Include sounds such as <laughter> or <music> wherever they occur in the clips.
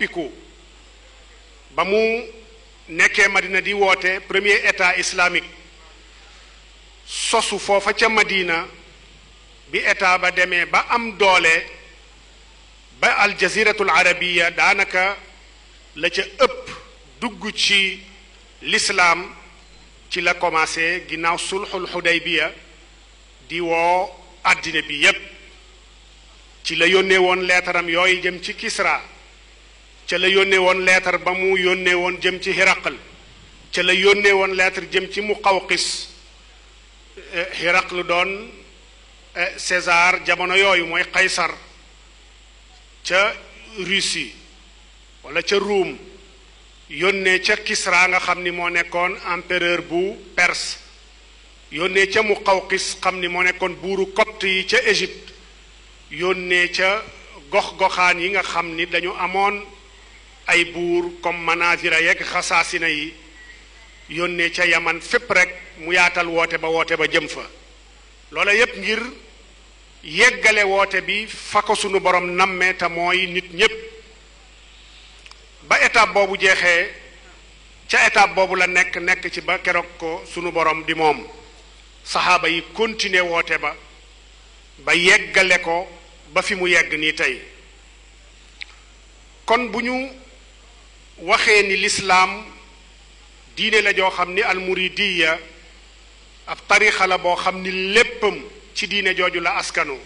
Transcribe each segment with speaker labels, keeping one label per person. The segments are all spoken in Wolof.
Speaker 1: soppiku ba mu nekkee madina di woote premier état islamique sosu foofa ca madina bi état ba demee ba am doole ba aljaziratul arabiya daanaka la ca ëpp dugg ci lislaam ci la commencé ginnaaw sulxul xudaybiya di woo àddina bi yépp ci la yónnee woon leetaram yooyu jëm ci Kisra ca la yónnee woon leetar ba mu yónnee woon jëm ci Hiraql ca la yónnee woon leetar jëm ci mu Muqawqis eh, Hiraql doon eh, César jamono yooyu mooy Qaysar ca Russie wala ca Ruum yónnee ca kisraa nga xam ni moo nekkoon empereur bu Perse yónnee ca mu Muqawqis xam ni moo nekkoon buuru copte yi ca Égypte yónnee ca gox goxaan yi nga xam ni dañu amoon ay buur comme manazira yeeg xasaasina yi yónnee ca yaman fépp rekk mu yaatal woote ba woote ba jëm fa loola yépp ngir yeggale woote bi fa ko sunu borom nammee te mooy nit ñépp ba étape boobu jeexee ca étape boobu la nekk nekk ci ba keroog ko sunu boroom di moom saxaaba yi continuer woote ba ba yeggale ko ba fi mu yegg nii tey kon bu ñu waxee ni lislaam diine la joo xam ni almuridiya ab tarixa la boo xam ni léppam ci diine jooju la askanu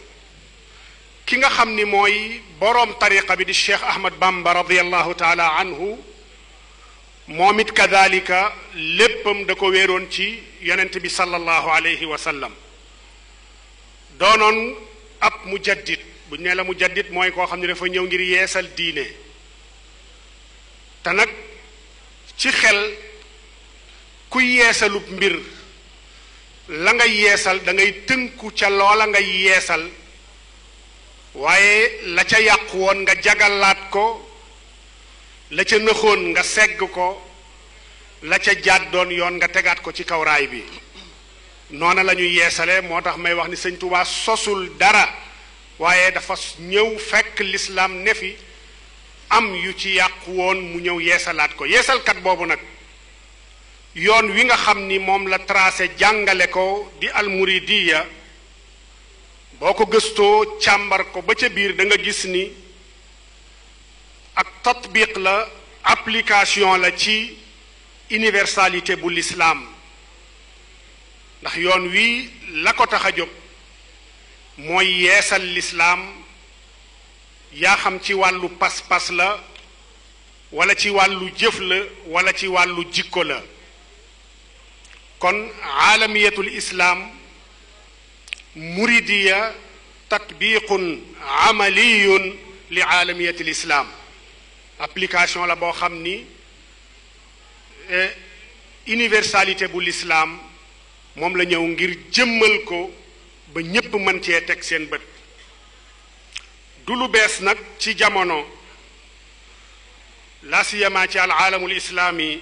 Speaker 1: ki nga xam ni mooy boroom tariqa bi di cheikh ahmad bamba radiallahu taala anhu moom it kadalika léppam da ko wéeroon ci yonent bi salallahu alayhi wa sallam doonoon ab mujaddid buñ ne la mujaddid mooy koo xam ne dafa ñëw ngir yeesal diine te nag ci xel ku yeesalub mbir la nga yeesal dangay tënku ca loola nga yeesal waaye la ca yàqu woon nga jagalaat ko la ca nëxoon nga segg ko la ca jàddoon yoon nga tegaat ko ci kawraay bi noona la ñu yeesale moo tax may wax ni sëñ Tuubaa sosul dara waaye dafa ñëw fekk lislaam nefi am yu ci yàqu woon mu ñëw yeesalaat ko yeesalkat boobu nag yoon wi nga xam ni moom la tracé jàngale ko di almuridiya boo ko gëstoo càmbar ko ba ca biir da nga gis ni ak tatbiq la application la ci universalité bu l'islam ndax yoon wi la ko tax a jóg mooy yeesal l'islam yaa xam ci wàllu pas-pas la wala ci wàllu jëf la walla ci wàllu jikko la kon aalamiyatul islaam muridiya tatbiqun amaliyun li aalamiyatil islaam application la boo xam ni e, universalité bu lislaam moom la ñëw ngir jëmmal ko ba ñépp mën cee teg seen bët du lu bees nag ci jamono la siyama ci alaalamul islaami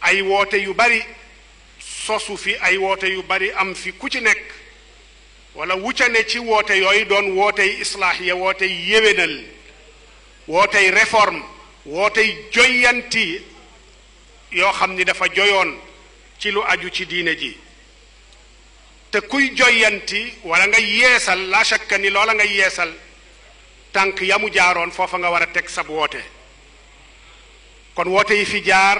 Speaker 1: ay woote yu bari sosu fi ay woote yu bari am fi ku ci nekk wala wu ca ne ci woote yooyu doon wootey islaax ya wootey yéwénal wootey réforme wootey joyanti yoo xam ni dafa joyoon ci lu aju ci diine ji te kuy joyanti wala nga yeesal la shakka ni loola nga yeesal tànk yamu jaaroon foofa nga war a teg sab woote kon woote yi fi jaar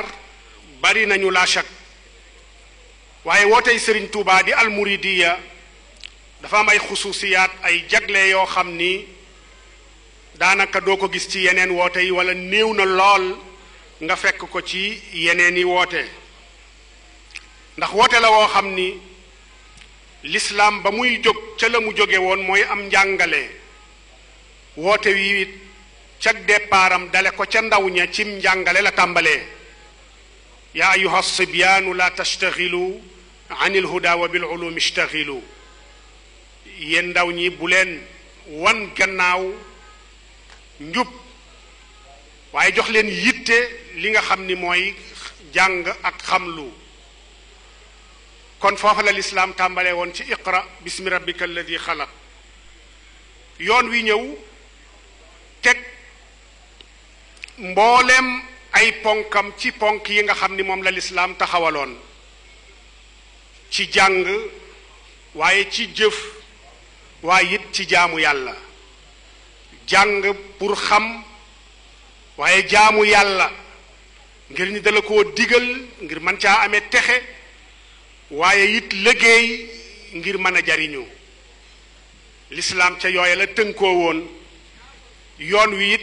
Speaker 1: bari nañu la chak waaye woote yi sëriñ Touba di almuridiya dafa am ay xusuusiyaat ay jagle yoo xam ni daanaka doo ko gis ci yeneen woote yi wala néew na lool nga fekk ko ci yeneen yi woote ndax woote la woo xam ni lislaam ba muy jóg ca la mu jóge woon mooy am njàngale wote wi it cag départam dale ko ca ndaw ña cim njàngale la tàmbale ya ayuha sibyaanu la tastaxilu an ilhuda wa bilulum istaxilu yéen ndaw ñi bu leen wan gannaaw njub waaye jox leen yitte li nga xam ni mooy jàng ak xamlu kon foofa la lislaam tàmbale woon ci iqra bismi rabbika alladi xalaq yoon wi ñëw teg mboolem ay ponkam ci ponk yi nga xam ni moom la lislaam taxawaloon ci jàng waaye ci jëf waaye it ci jaamu yàlla jàng pour xam waaye jaamu yàlla ngir ñu dala ko digal ngir mën caa amee texe waaye it liggéey ngir mën a jariñu lislaam ca yooya la tënkoo woon yoon wi it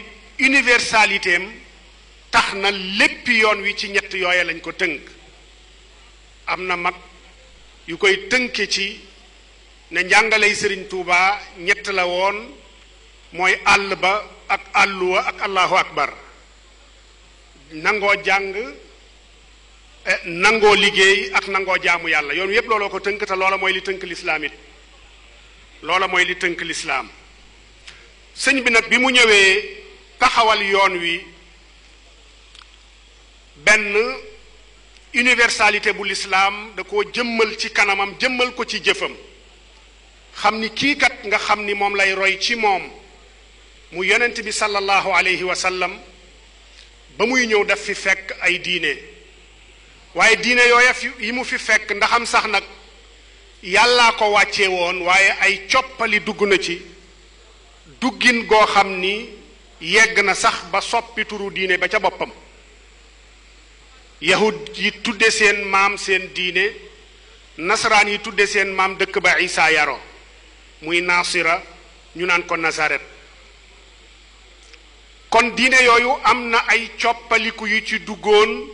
Speaker 1: universalité tax na lépp yoon wi ci ñett yooye lañ ko tënk am na mag yu koy tënke ci ne njàngaley sëriñ Tuuba ñett la woon mooy àll ba ak àlluwa ak allahu akbar nangoo jàng eh, nangoo liggéey ak nangoo jaamu yàlla yoon wi yépp looloo ko tënk te loola mooy li tënk lislaam it loola mooy li tënk lislaam sëñ bi nag bi mu ñëwee taxawal yoon wi benn universalité bu lislaam da koo jëmmal ci kanamam jëmmal ko ci jëfam xam ni kii kat nga xam ni moom lay roy ci moom mu yenent bi sallallahu alayhi wa sallam ba muy ñëw def fi fekk ay diine waaye diine yooya fi yi mu fi fekk ndaxam sax nag yàllaa ko wàcce woon waaye ay coppali dugg na ci duggin goo xam ni yegg na sax ba soppi turu diine ba ca boppam yahud yi tudde seen maam seen diine nasaraan yi tudde seen maam dëkk ba isaa yaro muy naasira ñu naan ko nasaret kon diine yooyu am na ay coppaliku yu ci duggoon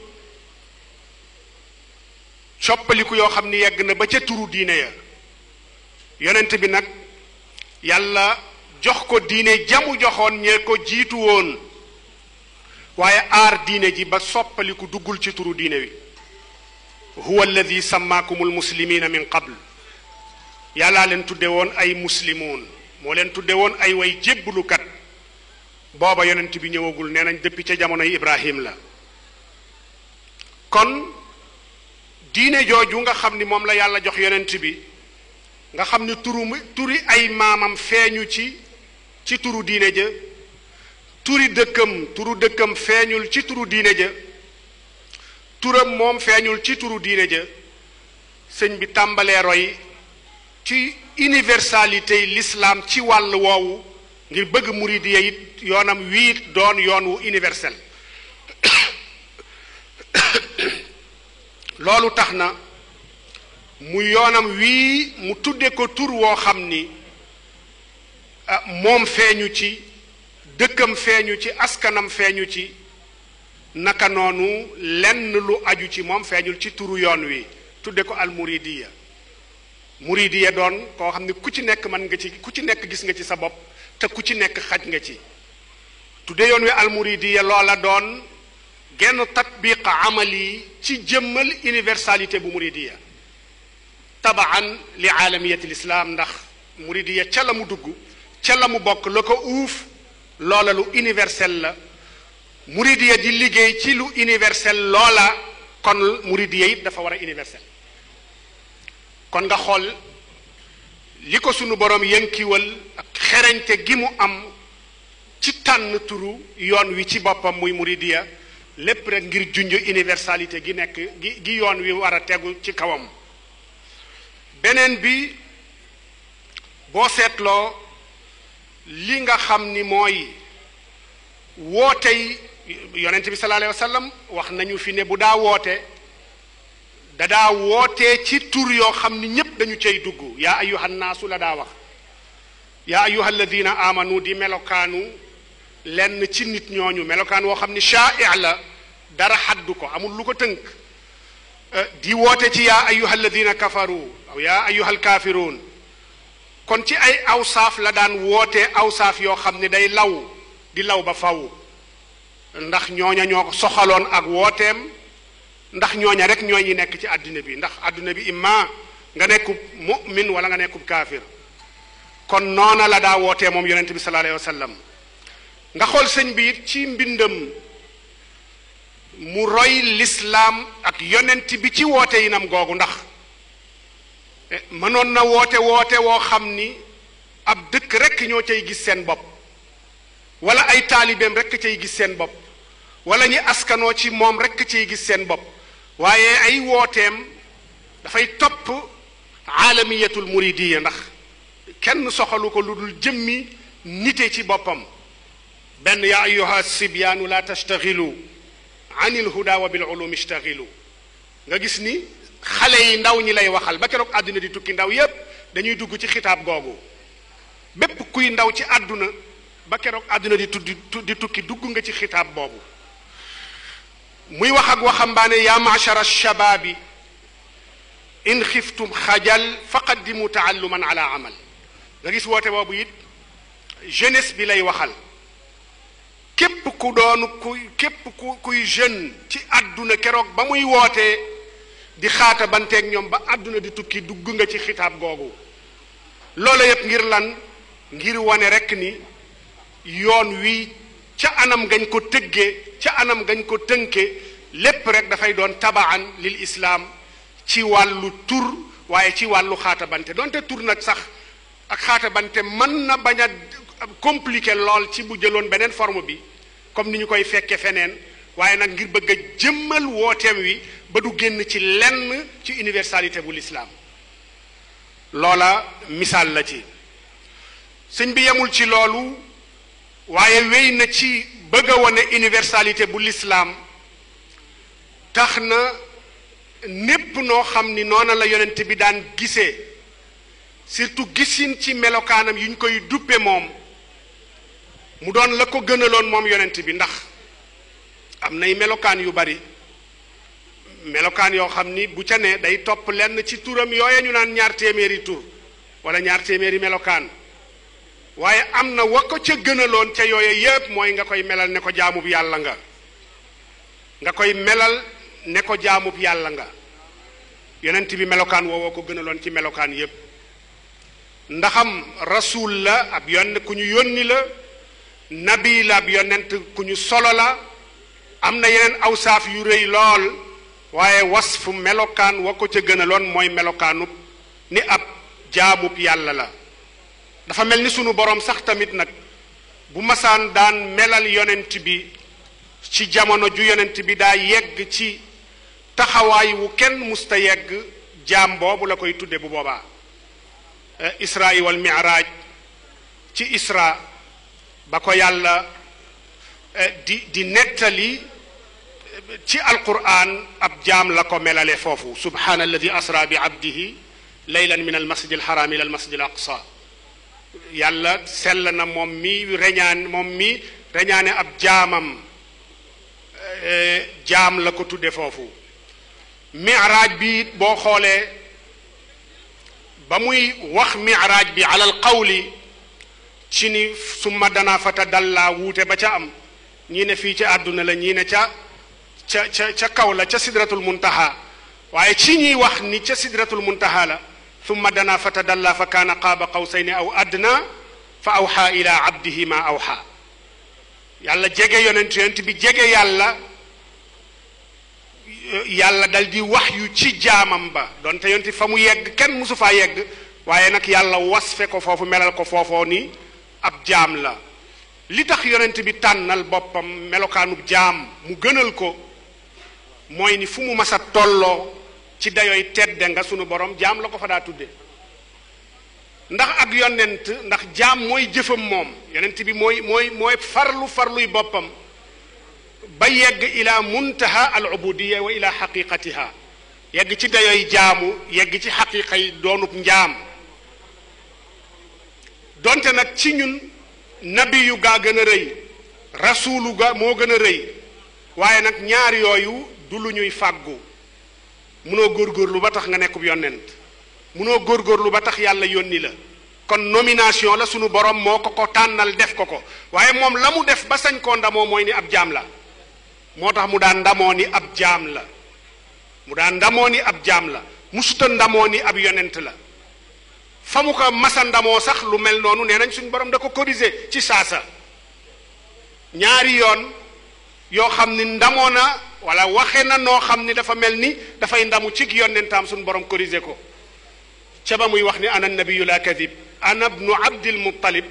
Speaker 1: coppaliku yoo xam ni yegg na ba ca turu diine ya yonent bi nag yàlla jox ko diine jamu joxoon ñe ko jiitu woon waaye aar diine ji ba soppaliku duggul ci turu diine wi huwa alladhi sammaakum almuslimina min qabl yàllaa leen tudde woon ay muslimuun moo leen tudde woon ay way jébblukat booba yonent bi ñëwagul nee nañ depuis ca jamonoy ibrahim la kon diine jooju nga xam ni moom la yàlla jox yonent bi nga xam ni turu turi ay maamam feeñu ci ci turu diine jë turi dëkkam turu dëkkam feeñul ci turu diine ja turam moom feeñul ci turu diine ja sëñ bi tàmbalee roy ci universalité lislaam ci wàll woowu ngir bëgg muridiya it yoonam wiit doon yoon wu universel <coughs> loolu tax na mu yoonam wii mu tudde ko tur woo xam ni Ah, moom feeñu ci dëkkam feeñu ci askanam feeñu ci naka noonu lenn lu aju ci moom feeñul ci turu yoon wi tudde ko al muridiya muridiya doon koo xam ne ku ci nekk man nga ci ku ci nekk gis nga ci sa bopp te ku ci nekk xaj nga ci tudde yoon wi al muridiya loola doon genn tatbiq amali ci jëmmal universalité bu muridiya tabaan li aalamiyati l islam ndax muridiya ca la mu dugg ca la mu bokk la ko uuf loola lu universel la muridiya di liggéey ci lu universel loola kon muridiya it dafa war a universel kon nga xool li ko sunu borom yënkiwal ak xerañte gi mu am ci tànn turu yoon wi ci boppam muy muridiya lépp rek ngir junj universalité gi nekk gi gi yoon wi war a tegu ci kawam beneen bi boo seetloo li nga xam ni mooy wootey yonent bi sallallahu alayhi wax nañu fi ne bu daa woote da daa wootee ci tur yoo xam ni ñépp dañu cay dugg yaa ayyuhan naasu la daa wax yaa ayyuhal ladina amanu di melokaanu lenn ci nit ñooñu melokaan woo xam ni shaa'i la dara xaddu ko amul lu ko tënk eh, di woote ci yaa ayyuhal ladina kafaru yaa ayyuhal kaafiruun kon ci ay awsaaf la daan wootee awsaaf yoo xam ne day law di law ba faw ndax ñooña ñoo soxaloon ak wooteem ndax ñooña rek ñooy ñi nekk ci àddina bi ndax àddina bi imma nga nekkub mu'min wala nga nekkub kaafir kon noona la daa wootee moom yonente bi sallallahu alayhi wa nga xool sëñ bi ci mbindam mu roy lislaam ak yonent bi ci woote yinam googu ndax manon na wote wote wo xamni ab dëkk rek ñoo cay gis seen bop wala ay talibem rek cay gis seen bop wala ñi askano ci mom rek cay gis seen bop waye ay wotem da fay top alamiyatul muridiya ndax kenn soxalu ko luddul jëmmi nite ci bopam ben ya ayyuha sibyan la tashtaghilu anil huda wa bil ulum ishtaghilu nga gis ni xale yi ndaw ñi lay waxal ba kérok aduna di tukki ndaw yépp dañuy dugg ci xitaab googu bépp kuy ndaw ci aduna ba kérok aduna di tudd di tukki dugg nga ci xitaab boobu muy wax ak waxam baane ya ma'shara ash-shabab in khiftum khajal faqaddimu taalluman ala amal nga gis wote boobu it jeunesse bi lay waxal képp ku doon ku képp ku kuy jeune ci aduna kérok ba muy wootee di xaata banteeg ñoom ba àdduna di tukki dugg nga ci xitaab googu loola yépp ngir lan ngir wane rekk ni yoon wi ca anam gañ ko tëggee ca anam gañ ko tënkee lépp rek dafay doon tabaan lil islaam ci wàllu tur waaye ci wàllu xaata bante donte tur nag sax ak xaata bante mën na bañ a compliqué lool ci bu jëloon beneen forme bi comme ni ñu koy fekke feneen waaye nag ngir bëgg a jëmmal wooteem wi ba du génn ci lenn ci universalité bu lislaam loola misaal la ci sëñ bi yemul ci loolu waaye wéy na ci bëgg a wone universalité bu lislaam tax na népp noo xam ni noona la yonent bi daan gisee surtout gisin ci melokaanam yu ñu koy duppe moom mu doon la ko gënaloon moom yonent bi ndax am nay melokaan yu bari melokaan yoo xam ni bu ca ne day topp lenn ci turam yooya ñu naan ñaar téeméeri tur wala ñaar téeméeri melokaan waaye am na wa ko ca gënaloon ca yooya yépp mooy nga koy melal ne ko jaamub yàlla nga nga koy melal ne ko jaamub yàlla nga yonent bi melokaan woowoo ko gënaloon ci melokaan yépp ndaxam rasuul la ab yonn ku ñu yónni la nabi la ab yonent ku ñu solo la am na yeneen saaf yu rëy lool waaye was fu melokaan wa ko ca gënaloon mooy melokaanub ni ab jaamub yàlla la dafa mel ni sunu boroom sax tamit nag bu masaan daan melal yonent bi ci jamono ju yonent bi daa yegg ci taxawaay wu kenn musta yegg jaam boobu la koy tudde bu boobaa eh, isra wal miraaj ci isra ba ko yàlla eh, di di nettali تي القران اب جام لاكو ملالي فوفو سبحان الذي اسرى بعبده ليلا من المسجد الحرام الى المسجد الاقصى يالا سلنا مومي رنيان مومي رنيان اب جامم جام لاكو تودي فوفو معراج بي بو خوله باموي واخ معراج بي على القول تشيني ثم دنا فتدلا ووتي با تي ام ني في تي ادنا لا ني ca ca ca kaw la ca sidratul muntaha waaye ci ñuy wax ni ca sidratul muntaha la thumma dana fa tadalla fa kaana qaaba qawsayni aw adna fa awxa ila abdihi ma awxa yàlla jege yonent yonent bi jege yàlla yàlla dal di wax yu ci jaamam ba donte yonent fa mu yegg kenn musu faa yegg waaye nag yàlla wasfe ko foofu melal ko foofoo ni ab jaam la li tax yonent bi tànnal boppam melokaanub jaam mu gënal ko mooy ni fu mu mas a tolloo ci dayooy tedde nga sunu boroom jaam la ko fa daa tudde ndax ak yonent ndax jaam mooy jëfam moom yonent bi mooy mooy farlu farluy boppam ba yegg ila muntaha al ubudiya wa ila xaqiqatiha yegg ci dayooy jaamu yegg ci xaqiqa yi doonub njaam donte nag ci ñun nabiyu gaa gën a rëy rasuulu ga moo gën a rëy waaye nag ñaar yooyu du lu ñuy fàggu munoo góorlu ba tax nga nekkub yonent munoo góorgóorlu ba tax yàlla yónni la kon nomination la sunu borom moo ko ko tànnal def ko ko waaye moom la mu def ba sañ koo ndamoo mooy ni ab jaam la moo tax mu daan ndamoo ni ab jaam la mu daan ndamoo ni ab jaam la musuta ndamoo ni ab yonent la fa mu ko masa ndamoo sax lu mel noonu nee nañ suñu borom da ko corriger ci saasa ñaari yoon yoo xam ni ndamoo wala waxe na no xamni dafa melni da fay ndamu cig yonentaam suñ borom corrigé ko ci ba muy wax ni ana nabiyyu la kadhib ana ibn abd al muttalib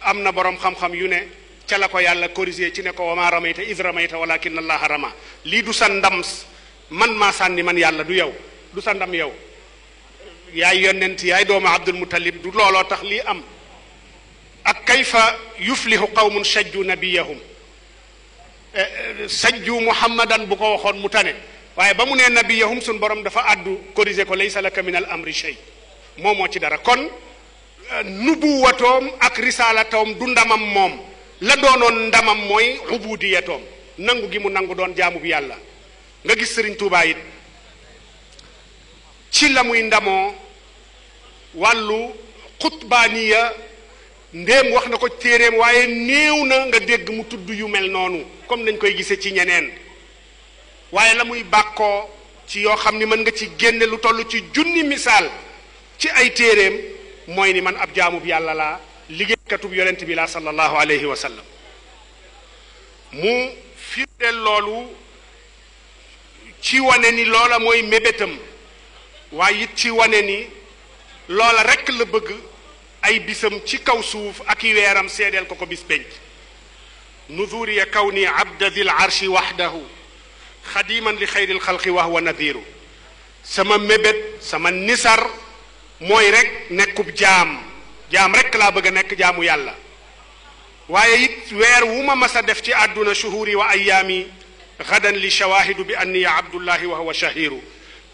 Speaker 1: amna borom xam-xam yu ne ci la ko yàlla corrigé ci ne ko wama ramayta id ramayta walakin allah rama li du sandam man ma sànni man yàlla du yow du sandam ndam yow yaay yonent yaay do doomu abdul muttalib du lolo tax li am ak kayfa yuflihu qawmun shajju nabiyahum Eh, eh, sajju muhammadan bu ko waxoon mu tane waaye ba mu nee nabiyahum suñ borom dafa àddu corrigé ko lay laka min al amri shay moo moo ci dara kon eh, nubuwatoom ak risalatoom du ndamam moom la doonoon ndamam mooy ubudiyatoom nangu gi mu nangu doon jaamu bi yàlla nga gis sëriñ Tuubaa ci la muy ndamoo wàllu xutbaaniya ndéem wax na ko téeréem waaye néew na nga dégg mu tudd yu mel noonu comme nañ koy gisee ci ñeneen waaye la muy bàkkoo ci yoo xam ni mën nga ci génne lu toll ci junni misaal ci ay téeréem mooy ni man ab jaamub yàlla la liggéeykatub yonent bi laa sallallahu alayhi wa sallam mu firndeel loolu ci wane ni loola mooy mébétam waaye it ci wane ni loola rekk la bëgg ay bisam ci kaw suuf ak i weeram seedeel ko ko bis penc نذور كوني عبد ذي العرش وحده خديما لخير الخلق وهو نذير سما مبت سما نسر موي رك نكوب جام جام رك لا بغا نك nekk يالا waye waaye it weer wu ma mas def ci aduna shuhuri wa ayami gadan li shawahid bi anni ya abdullah wa huwa shahir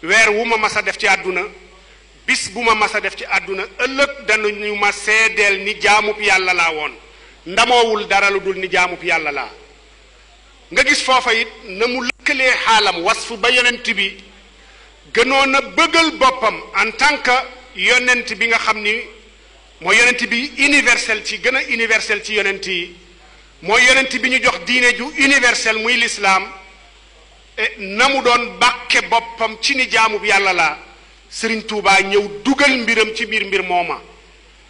Speaker 1: wer wuma ma mas def ci aduna bis buma ma mas def ci aduna àdduna ëllëg ñu ma sedel ni jaamu yàlla la won ndamowul dara lu dul ni jaamub yàlla la nga gis foofa it na mu lëkkalee xaalam wasfu ba yonent bi gënoon na bëggal boppam en tant que yonent bi nga xam ni mooy yonent bi universel ci gën a universel ci yonent yi mooy yonent bi ñu jox diine ju universel muy lislaam na mu doon bàkke boppam ci ni jaamub yàlla la sëriñ tuubaa ñëw dugal mbiram ci biir mbir mooma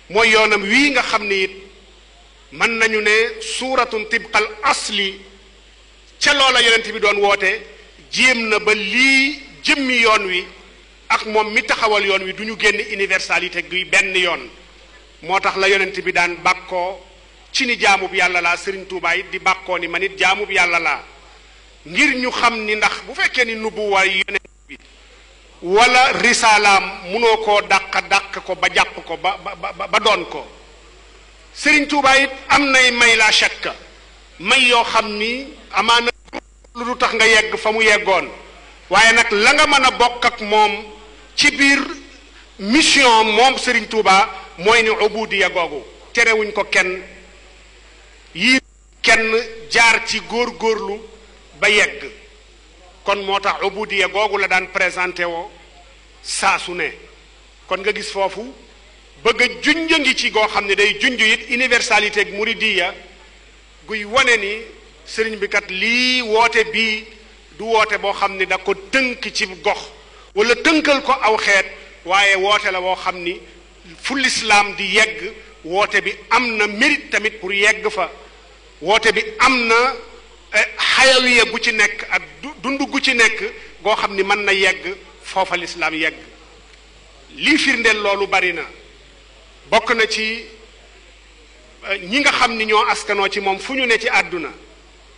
Speaker 1: mooy yoonam wii nga xam ni it mën nañu ne suuratun tibqal asli ca loola yonent bi doon woote jéem na ba lii jëmmi yoon wi ak moom mi taxawal yoon wi du ñu génn universalité gi benn yoon moo tax la yonent bi daan bàkkoo ci ni jaamub yàlla laa sëriñ tuubaay di bàkkoo ni man it jaamub yàlla laa ngir ñu xam ni ndax bu fekkee ni nubuwaay yonent bi wala risaalaam munoo ko dàq dàq ko ba jàpp ko ba ba ba doon ko Serigne Touba it am nay may la shakka may yoo xam ni amaana lu du tax nga yegg fa mu yeggoon waaye nag la nga mën a bokk ak moom ci biir mission moom Serigne Touba mooy ni ubudiya googu terewuñ ko kenn yii kenn jaar ci góor-góorlu ba yegg kon moo tax ubudiya googu la daan présenté woo saasu ne kon nga gis foofu bëgg a ngi ci goo xam ne day junj it universalité ak muridiya guy wane ni sëriñ bi kat lii woote bii du woote boo xam ni da ko tënk ci gox walla tënkal ko aw xeet waaye woote la woo xam ni fu lislaam di yegg woote bi am na mérite tamit pour yegg fa woote bi am na eh, xayawiya gu ci nekk ak dund gu ci nekk goo xam ni mën na yegg foofa lislaam yegg lii firndeel loolu bari na bokk na ci euh, ñi nga xam ni ñoo askanoo ci moom fu ñu ne ci àdduna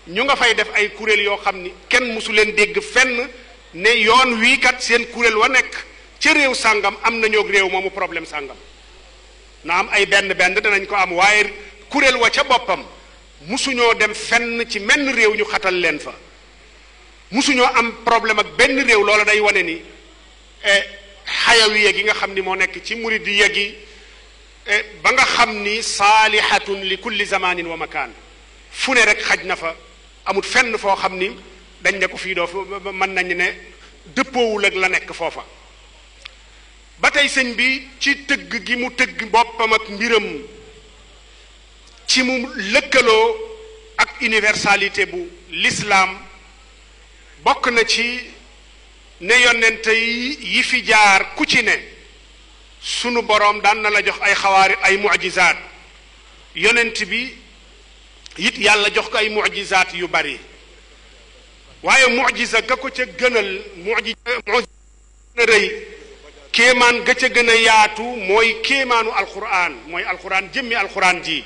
Speaker 1: ñu nga fay def ay kuréel yoo xam ni kenn mosu leen dégg fenn ne yoon wii kat seen kuréel wa nekk ca réew sàngam am nañoo réew moomu problème sàngam na am ay benn benn danañ ko am waaye kuréel wa ca boppam mosuñoo dem fenn ci menn réew ñu xatal leen fa mosuñoo am problème ak benn réew loola day wane ni xayawiya eh, yi nga xam ni moo nekk ci muridiya yi E, ba nga xam ni saalihatun li kulli zamanin wa makaan fu ne rek xaj na fa amul fenn foo xam ni dañ ne ko fii doo mën nañu ne dëppoowul ak la nekk foofa ba tey sëñ bi ci tëgg gi mu tëgg boppam ak mbiram ci mu lëkkaloo ak universalité bu l'islaam bokk na ci ne yonente yi fi jaar ku ci ne sunu boroom daan na la jox ay xawaari ay mujizaat yonent bi it yàlla jox ko ay mujizaat yu bari waaye mujiza ga ko ca gënal mujiza rëy kéemaan ga ca gën a yaatu mooy kéemaanu alquran mooy alxuraan jëmmi alxuraan ji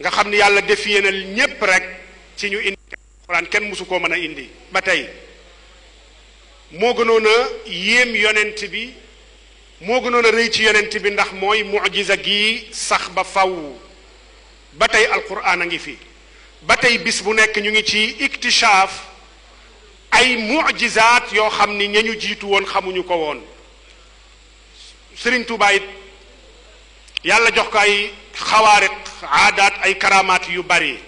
Speaker 1: nga xam ni yàlla defiyee na ñépp rek ci ñu indi kenn mësu koo mën a indi ba tey moo gënoon yéem yonent bi moo gënoon a rëy ci yonent bi ndax mooy mujiza gi sax ba faw ba tey alquran a ngi fi ba tey bis bu nekk ñu ngi ci iktishaaf ay mujizaat yoo xam ni ña ñu jiitu woon xamuñu ko woon Sëriñ Tuubaa it yàlla jox ko ay xawaariq aadaat ay karamaat yu bari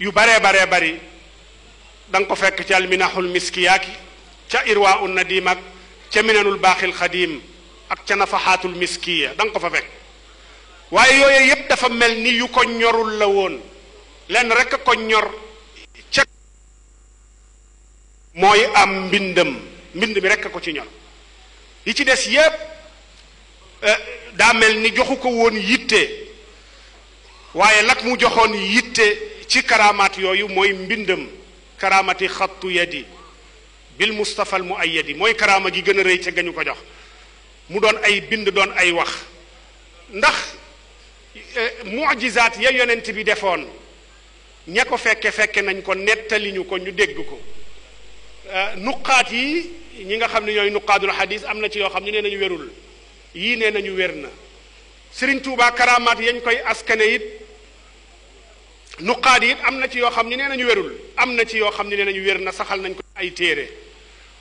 Speaker 1: yu baree baree bari da ko fekk ci alminahul miskiyaaki ca irwaa un nadiim ak تمنن الباخ الخديم اك تي نفحات المسكيه دانكو فا فك واي يوي ييب دا فا ملني يوكو نيورول لا وون لن رك كو نيور تي موي ام بندم بند بي رك كو تي نيور لي تي ديس ييب دا ملني جوخوكو وون ييتي waye lak mu joxone yitte ci karamat yoyu moy mbindam karamati khattu yadi bil mustafa al muayyadi mooy karaama gi gën a rëy ca gañu ko jox mu doon ay bind doon ay wax ndax mujizaat ya yonent bi defoon ña ko fekke fekke nañ ko nettali ñu ko ñu dégg ko nuqaat yi ñi nga xam ne ñooy nuqaatul xadis ci yoo xam ne nee wérul yii nee nañu wér Serigne Touba karamaat yañ koy askane yi it am ci yoo xam ne nee wérul am ci yoo xam ne nee nañu saxal nañ ko ay téere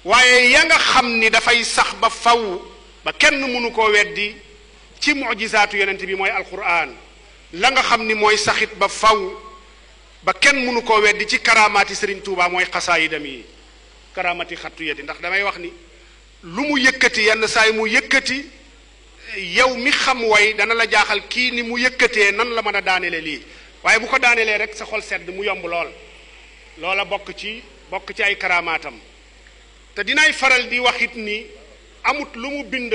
Speaker 1: waaye ya nga xam ni dafay sax ba faw ba kenn mënu koo weddi ci mujisaatu yonent bi mooy alquran la nga xam ni mooy saxit ba faw ba kenn mënu koo weddi ci karaamaati Serigne Touba mooy xasaayidam yi karaamati xattu yati ndax damay wax ni lu mu yëkkati yenn saa yi mu yëkkati yow mi xam way dana la jaaxal kii ni mu yëkkatee nan la mën a daanele lii waaye bu ko daanelee rek sa xol sedd mu yomb lool loola bokk ci bokk ci ay karaamaatam te dinaay faral di waxit ni amut lu mu bind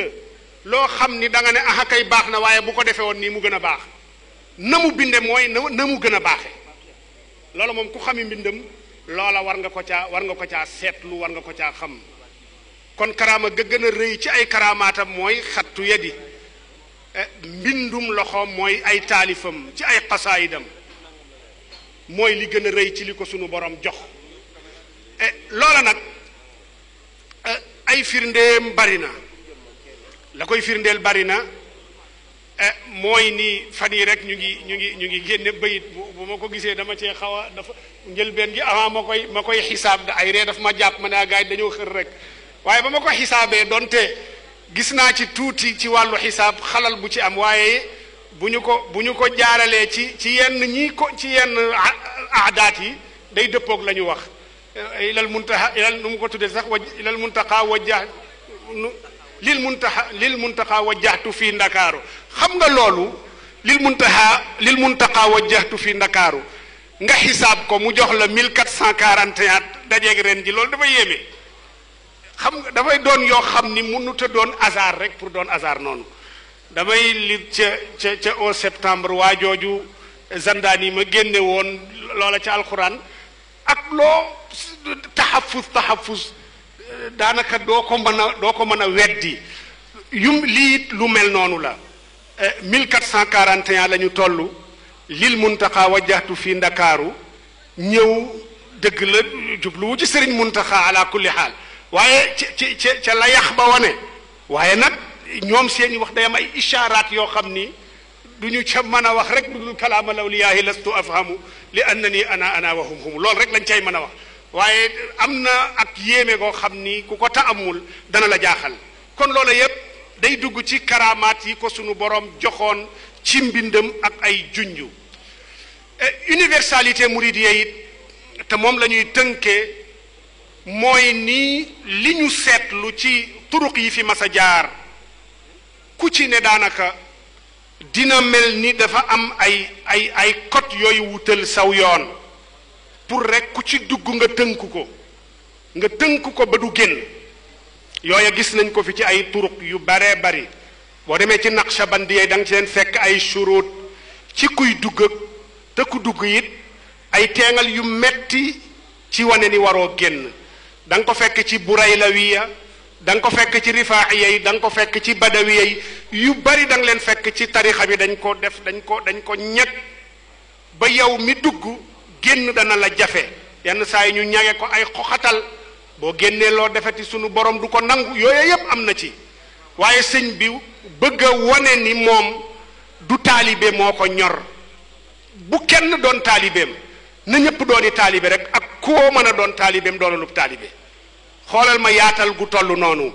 Speaker 1: loo xam ni danga nga ne aha kay baax na waaye bu ko defee woon nii mu gën a baax na mu binde mooy na mu gën a baaxe loolu moom ku xami mbindam loola war nga ko caa war nga ko caa seetlu war nga ko caa xam kon karaama ga gën a rëy ci ay karaamaatam mooy xattu yadi eh, mbindum loxoom mooy ay taalifam ci ay xasaayidam mooy li gën a rëy ci li ko sunu boroom jox eh, loola nag Eh, ay firndeem bari na la koy firndeel bari na eh, mooy nii fan yi rek ñu ngi ñu ngi ñu ngi génne bayit bu ma ko gisee dama cee xaw a dafa njëlbeen gi avant ma koy ma koy xisaab da ay ree daf ma jàpp ma ne ah, gars yi dañoo xër rek waaye ba ma ko xisaabee donte gis naa ci tuuti ci wàllu xisaab xalal bu ci am waaye bu ñu ko bu ñu ko jaaralee ci ci yenn ñi ko ci yenn aadaat yi day dëppook la wax Eh, ilal muntaha ilal mu ko tuddee sax wa ilal mun wajjah lil muntaha lil muntaha wajjahtu fii ndakaaru xam nga loolu lil muntaha lil muntaha wajjahtu fii ndakaaru nga xisaab ko mu jox la mille cent 1441 dajeeg ren ji loolu dafa yéeme xam nga dafay doon yoo xam ni mënut a doon hasard rek pour doon hasard noonu damay li ca ca ca septembre waa jooju zandaan yi ma génne woon loola ca alxuraan ak loo taxafus taxafus daanaka doo ko mën a weddi yum lii lu mel noonu la 1441 la ñu lil muntaxa wajjahtu fii ndakaaru ñëw dëgg la jubluwu ci sëriñ muntaxa ala kulli xaal waaye ci ci la yax ba wane waaye nag ñoom seeni wax day am ay ishaaraat yoo xam du ñu ca mën a wax rek lu dul kalaama lawliyaahi lastu afhamu li annani ana ana wa hum hum loolu rek lañ cay mën a wax waaye am na ak yéeme goo xam ni ku ko taamul dana la jaaxal kon loola yépp day dugg ci karamaat yi ko suñu borom joxoon ci mbindam ak ay junj e, universalité muridiyya it te moom la ñuy tënkee mooy nii li ñu seetlu ci turuq yi fi mas a jaar ku ci ne daanaka dina mel ni dafa am ay ay ay code yooyu wutal saw yoon pour rek ku ci dugg nga tënk ko nga tënk ko ba du génn yooya gis nañ ko fi ci ay turuq yu baree bari boo demee ci naqshabandiyee da nga ci leen fekk ay shurut ci kuy dugg ak te ku dugg yit ay teengal yu metti ci wane ni waroo génn da nga ko fekk ci la buraylawiya dang ko fekk ci rifaaxiya yi dang ko fekk ci badawiya yi yu bari dang leen fekk ci tarixa bi dañ ko def dañ ko dañ ko ñek ba yow mi dugg génn dana la jafe yenn saa yi ñu ñage ko ay xoxatal boo génnee loo defati sunu borom du ko nangu yooyu yépp am na ci waaye sëñ bi bëgg a wone ni moom du taalibe moo ko ñor bu kenn doon taalibeem na ñëpp dooni taalibe rek ak koo mën a doon taalibeem doonalub xoolal ma yaatal gu toll noonu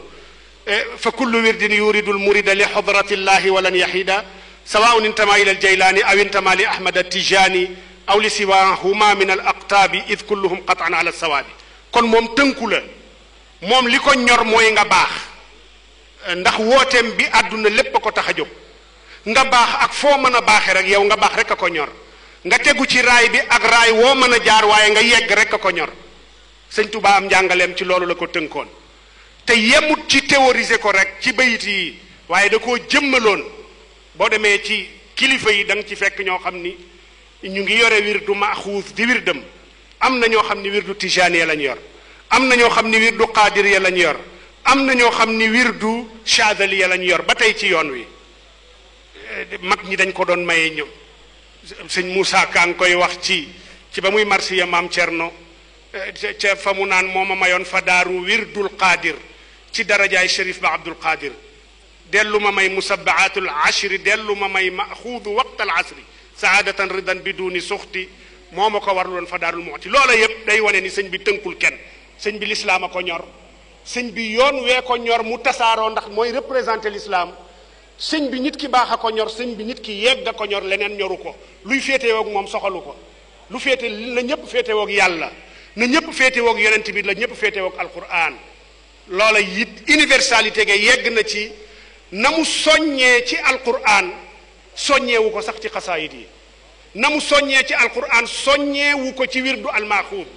Speaker 1: fa kullu wirdin yuridu almurida li xudrati llahi walan yaxida sawaun intama ila aljaylaani aw intama li ahmad atijani aw li siwahuma min al aqtaabi id kulluhum qatan ala sawaabi kon moom tënku la moom li ko ñor mooy nga baax ndax wooteem bi àdduna lépp a ko tax a jóg nga baax ak foo mën a baaxee rek yow nga baax rek a ko ñor nga tegu ci raay bi ak raay woo mën a jaar waaye nga yegg rek a ko ñor sëñ Touba njàngaleem ci loolu la ko tënkoon te yemut ci théoriser ko rek ci bayit yi waaye da koo jëmmaloon boo demee ci kilifa yi da nga ci fekk ñoo xam ni ñu ngi yore wir wirdu maxuus di wirdam am na ñoo xam ni wirdu tijaan ya lañ yor am na ñoo xam ni wirdu qaadir ya lañ yor am na ñoo xam ni wirdu chaadali ya lañ yor ba tey ci yoon wi mag ñi dañ ko doon mayee ñëw sëñ Moussa kaa ngi koy wax ci ci ba muy marsiya maam Cerno ca fa mu naan moo ma mayoon fa daaru wirdul qaadir ci darajaay shérif ba abdul qaadir dellu ma may musabbaatul ashri dellu ma may maxuudu waqtal asri saadatan ridan bi duuni suxti moo ma ko warloon fa daarul muxti loola yépp day wane ni señ bi tënkul kenn sëñ bi lislaam a ko ñor sëñ bi yoon wee ko ñor mu tasaaroo ndax mooy représenté lislaam sëñ bi nit ki baax ko ñor sëñ bi nit ki yegg ko ñor leneen ñoru ko luy féetewoog moom soxalu ko lu féete la ñépp féetewoog yàlla na ñëpp féetewoog yonent bi la ñëpp féetewoog alquran loola it universalité ga yegg na ci na mu soññee ci alquran soññewu ko sax ci xasaayit yi na mu soññee ci alquran soññewu ko ci wirdu almaaxuud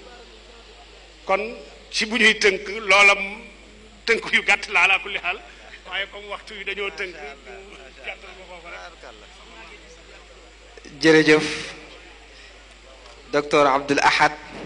Speaker 1: kon ci bu ñuy tënk loola tënk yu gàtt laa laa kulli xaal waaye comme waxtu yi dañoo tënk gàttal ko foofu jërëjëf docteur Abdoul Ahad